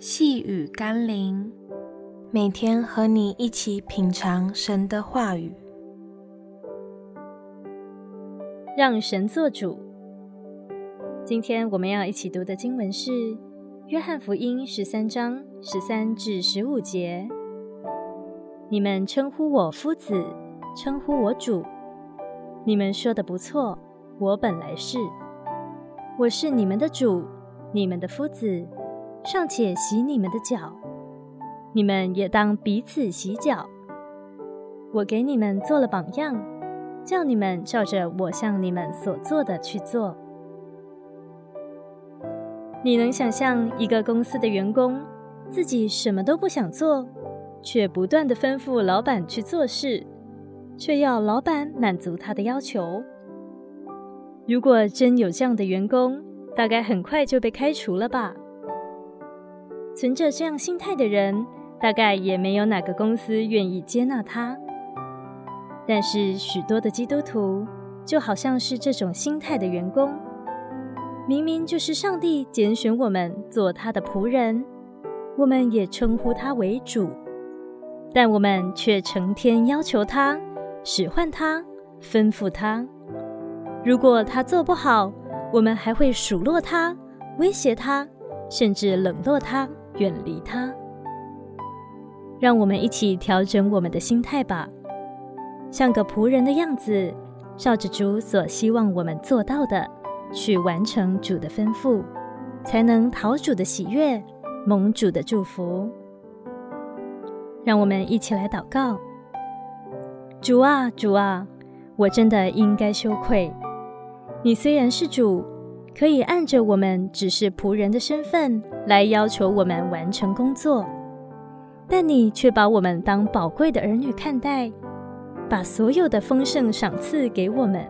細語甘霖，每天和你一起品嘗神的話語，讓神做主。今天我們要一起讀的經文是《約翰福音》十三章十三至十五節：“你們稱呼我夫子，稱呼我主，你們說的不錯，我本來是，我是你們的主，你們的夫子。”尚且洗你們的腳，你們也當彼此洗腳。我給你們做了榜樣，叫你們照着我向你們所做的去做。你能想象一個公司的員工，自己什麼都不想做，卻不斷地吩咐老板去做事，卻要老板滿足他的要求？如果真有這樣的員工，大概很快就被開除了吧。存着這樣心態的人，大概也沒有哪個公司願意接納他。但是許多的基督徒，就好像是這種心態的員工，明明就是上帝揀選我們做他的僕人，我們也稱呼他為主，但我們卻成天要求他、使喚他、吩咐他。如果他做不好，我們還會數落他、威脅他，甚至冷落他。遠離他。讓我們一起調整我們的心態吧！像個僕人的樣子，照着主所希望我們做到的，去完成主的吩咐，才能討主的喜悅，蒙主的祝福。讓我們一起來禱告：主啊，主啊，我真的應該羞愧。你雖然是主，可以按着我們只是僕人的身份，來要求我們完成工作，但你卻把我們當寶貴的兒女看待，把所有的豐盛賞，賞賜給我們，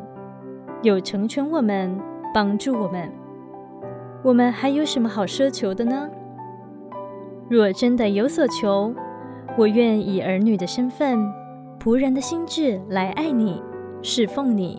又成全我們，幫助我們，我們還有什麼好奢求的呢？若真的有所求，我願以兒女的身份，僕人的心志來愛你，侍奉你。